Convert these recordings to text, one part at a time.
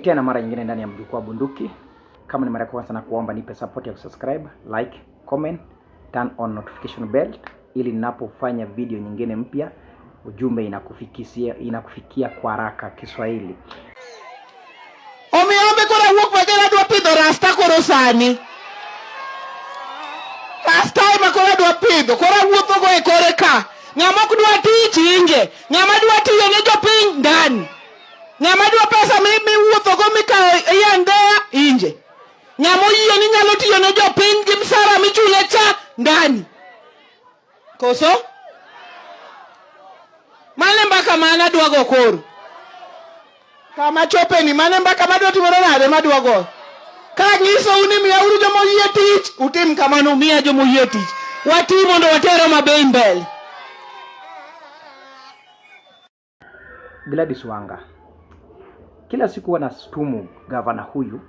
tena mara nyingine ndani ya Mjukuu wa Bunduki. Kama ni mara ya kwanza, na kuomba nipe support ya kusubscribe, like, comment, turn on notification bell ili ninapofanya video nyingine mpya ujumbe inakufikisia inakufikia kwa haraka Kiswahili. Omiombe kora kwa gara dua pido rasta koro sani. Rasta ema kora dwa pidho, kora wuotho kwa e kore ka. Ng'ama ok dwa tiyo chinge, ng'ama dwa tiyo ng'ama pesa miwuotho go mikawo ei andea inje ng'ama oyie ni nyalo tiyo ne jopiny gi msara michule cha ndani koso mane mbaka mane adwago koro kama chopeni mane mbaka madwa timore nade madwago ka ng'isou ni miyauru joma tich utim kamano umiya joma tich wati mondo watero mabei mbele Gladys Wanga kila siku wanastumu gavana huyu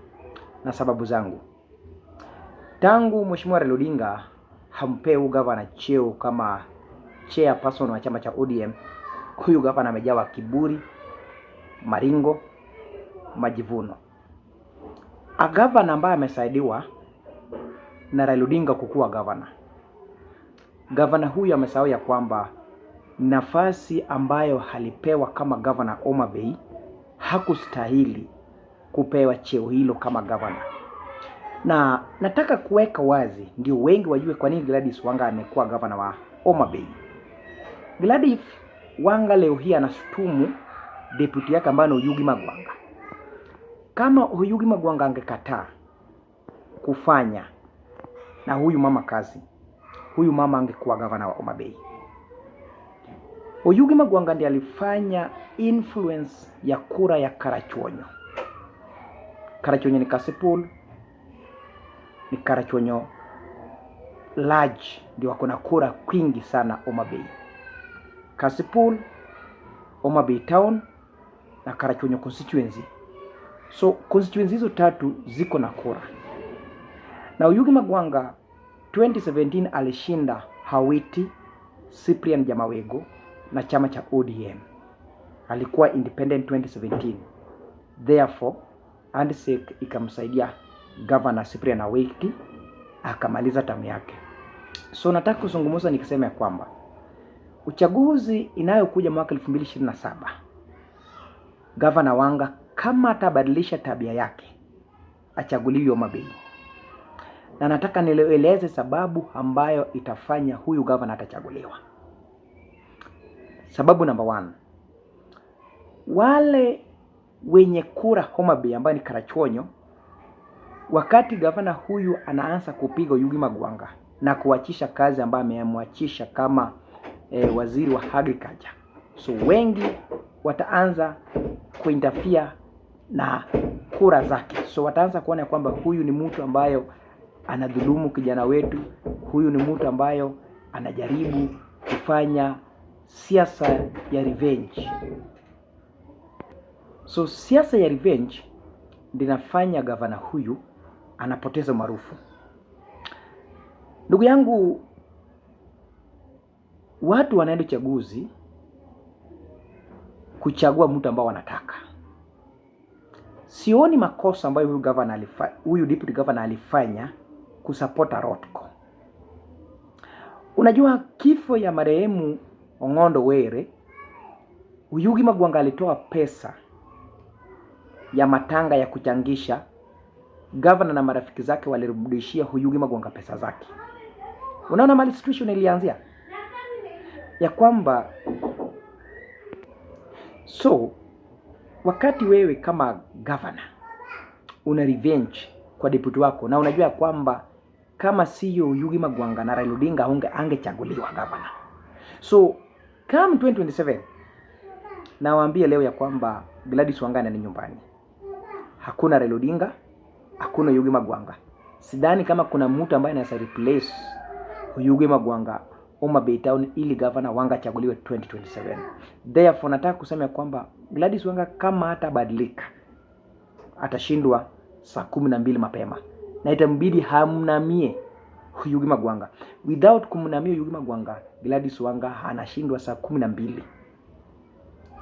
na sababu zangu. Tangu Mheshimiwa Raila Odinga hampeu gavana cheo kama chairperson wa chama cha ODM, huyu gavana amejawa kiburi, maringo, majivuno. A gavana ambaye amesaidiwa na Raila Odinga kukuwa gavana, gavana huyu amesahau ya kwamba nafasi ambayo alipewa kama gavana Homa Bay hakustahili kupewa cheo hilo kama gavana, na nataka kuweka wazi ndio wengi wajue kwa nini Gladys Wanga amekuwa gavana wa Homa Bay. Gladys Wanga leo hii anashutumu deputy yake ambaye ni Oyugi Magwanga. Kama Oyugi Magwanga angekataa kufanya na huyu mama kazi, huyu mama angekuwa gavana wa Homa Bay. Oyugi Magwanga ndiye alifanya influence ya kura ya Karachuonyo. Karachuonyo ni Kasipul, ni Karachuonyo large ndio wako na kura kwingi sana Homa Bay. Kasipul, Homa Bay town na Karachuonyo constituency. So constituency hizo tatu ziko na kura, na Oyugi Magwanga 2017 alishinda Hawiti, Cyprian Jamawego na chama cha ODM. Alikuwa independent 2017, therefore handshake ikamsaidia Governor Cyprian Aweki akamaliza tamu yake. So nataka kuzungumza nikisema ya kwamba uchaguzi inayokuja mwaka 2027 Gavana Wanga kama atabadilisha tabia yake achaguliwe Homa Bay, na nataka nieleze sababu ambayo itafanya huyu gavana atachaguliwa. Sababu namba one, wale wenye kura Homa Bay ambayo ni Karachuonyo, wakati gavana huyu anaanza kupiga Yugi Magwanga na kuachisha kazi ambayo amemwachisha kama e, waziri wa agriculture, so wengi wataanza kuinterfere na kura zake, so wataanza kuona kwamba huyu ni mtu ambayo anadhulumu kijana wetu, huyu ni mtu ambayo anajaribu kufanya siasa ya revenge. So siasa ya revenge ndinafanya gavana huyu anapoteza maarufu. Ndugu yangu, watu wanaenda uchaguzi kuchagua mtu ambao wanataka. Sioni makosa ambayo huyu gavana alifanya, huyu deputy gavana alifanya kusapota Rotko. Unajua kifo ya marehemu Ong'ondo Were, Uyugi Magwanga alitoa pesa ya matanga ya kuchangisha. Gavana na marafiki zake walirudishia Huyugi Magwanga pesa zake. Unaona mali situation ilianzia ya kwamba so wakati wewe kama gavana una revenge kwa deputy wako na unajua kwamba kama siyo Yugi Magwanga na Raila Odinga angechaguliwa gavana, so come 2027 nawaambia leo ya kwamba Gladys Wangana ni nyumbani. Hakuna Raila Odinga, hakuna Yugi Magwanga. Sidhani kama kuna mtu ambaye anaweza replace Yugi Magwanga Uma Bay Town ili gavana Wanga achaguliwe 2027. Therefore nataka kusema kwamba Gladys Wanga kama hatabadilika atashindwa saa kumi na mbili mapema na itambidi hamnamie Yugi Magwanga without kumnamia Yugima Gwanga Gladys Wanga anashindwa saa kumi na mbili.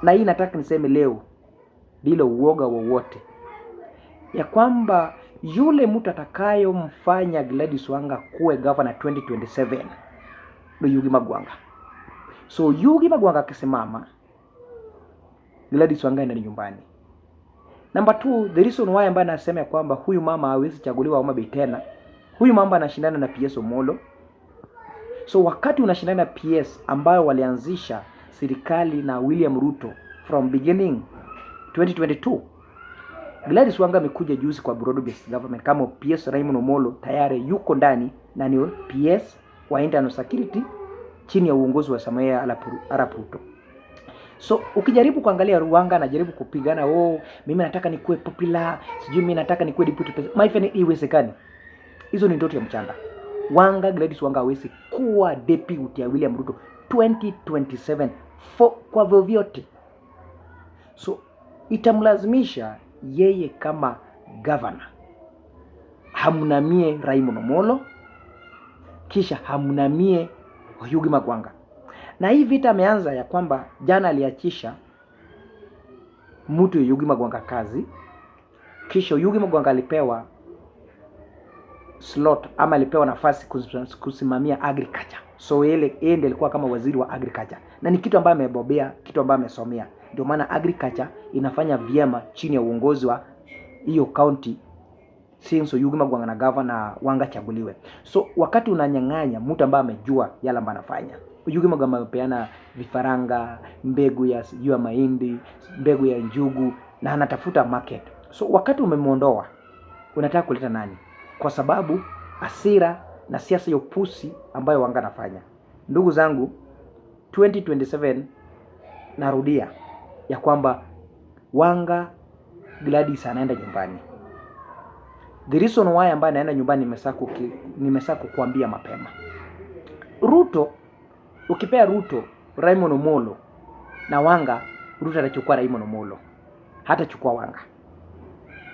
Na hii nataka niseme leo bila uoga wowote ya kwamba yule mtu atakayomfanya Gladys Wanga kuwe governor 2027 ndo Yugi Magwanga. So Yugi Magwanga akisimama, Gladys Wanga ndani nyumbani. Number two, the reason why ambaye anasema ya kwamba huyu mama hawezi chaguliwa Homa Bay tena, huyu mama anashindana na PS Omolo So wakati unashindana PS ambayo walianzisha serikali na William Ruto from beginning 2022 Gladys Wanga amekuja juzi kwa broad based government kama PS Raymond Omolo tayari yuko ndani na ni PS wa internal security chini ya uongozi wa Samia Arap Ruto. So ukijaribu kuangalia Ruanga anajaribu kupigana, oh, mimi nataka nikuwe popular, sijui mimi nataka nikuwe deputy president. My friend, iwezekani. Hizo ni ndoto ya mchanga. Wanga Gladys Wanga aweze kuwa deputy ya William Ruto 2027 for, kwa vyovyote. So itamlazimisha yeye kama governor hamnamie Raymond Omolo kisha hamnamie Oyugi Magwanga. Na hii vita ameanza ya kwamba jana aliachisha mtu Oyugi Magwanga kazi, kisha Oyugi Magwanga alipewa slot ama alipewa nafasi kusimamia agriculture. So ile yeye ndiye alikuwa kama waziri wa agriculture, na ni kitu ambaye amebobea, kitu ambaye amesomea. Ndio maana agriculture inafanya vyema chini ya uongozi wa hiyo county Sinso Yugima Gwangana gava na Wanga chaguliwe. So wakati unanyang'anya mtu ambaye amejua yale ambayo anafanya. Yugima Gwangana amepeana vifaranga, mbegu ya ya mahindi, mbegu ya njugu na anatafuta market. So wakati umemuondoa unataka kuleta nani? kwa sababu asira na siasa ya upusi ambayo wanga nafanya. Ndugu zangu, 2027 narudia ya kwamba wanga Gladys anaenda nyumbani. The reason why ambaye anaenda nyumbani nimesaa kukuambia kuambia mapema. Ruto ukipea Ruto Raymond Omolo na Wanga, Ruto atachukua Raymond Omolo, chukua Wanga.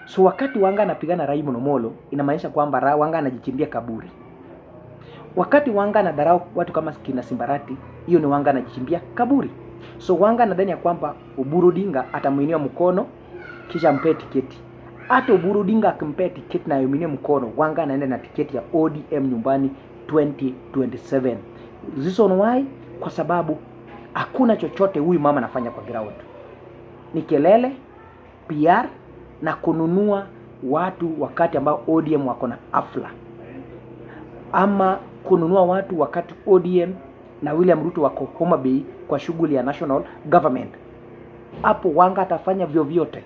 So wakati Wanga anapigana Raymond Omolo inamaanisha kwamba Wanga anajichimbia kaburi. Wakati Wanga anadharau watu kama kina Simbarati, hiyo ni Wanga anajichimbia kaburi. So Wanga anadhani ya kwamba Oburu Odinga atamuinua mkono kisha ampee tiketi. Hata Oburu Odinga akimpea tiketi na yumine mkono, Wanga anaenda na tiketi ya ODM nyumbani 2027. Reason why? Kwa sababu hakuna chochote huyu mama anafanya kwa ground. Ni kelele, PR na kununua watu wakati ambao ODM wako na afla, ama kununua watu wakati ODM na William Ruto wako Homa Bay kwa shughuli ya national government. Hapo Wanga atafanya vyovyote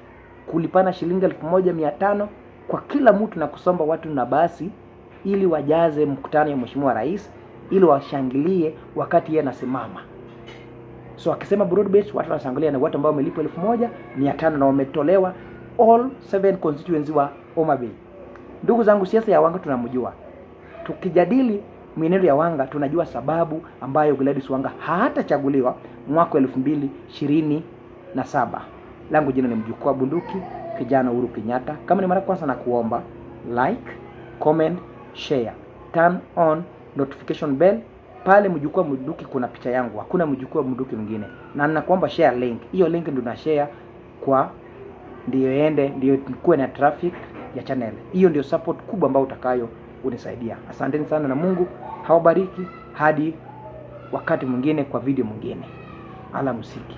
kulipana shilingi elfu moja mia tano kwa kila mtu na kusomba watu na basi, ili wajaze mkutano ya mheshimiwa rais, ili washangilie wakati yeye anasimama. So akisema broad base, watu wanashangilia, na watu ambao wamelipwa elfu moja mia tano na wametolewa all seven constituency wa Homa Bay. Ndugu zangu, siasa ya Wanga tunamjua. Tukijadili mwenendo ya Wanga tunajua sababu ambayo Gladys Wanga hatachaguliwa mwaka elfu mbili ishirini na saba. Langu jina ni mjukuu wa bunduki kijana Uhuru Kenyatta. Kama ni mara kwanza, na kuomba like, comment, share, turn on notification bell. Pale mjukuu wa bunduki kuna picha yangu, hakuna mjukuu wa bunduki mwingine, na ninakuomba share link. Hiyo link ndio na share kwa ndiyo iende, ndiyo kuwe na traffic ya channel hiyo. Ndio support kubwa ambayo utakayo unisaidia. Asanteni sana na Mungu hawabariki hadi wakati mwingine kwa video mwingine. Ala msiki.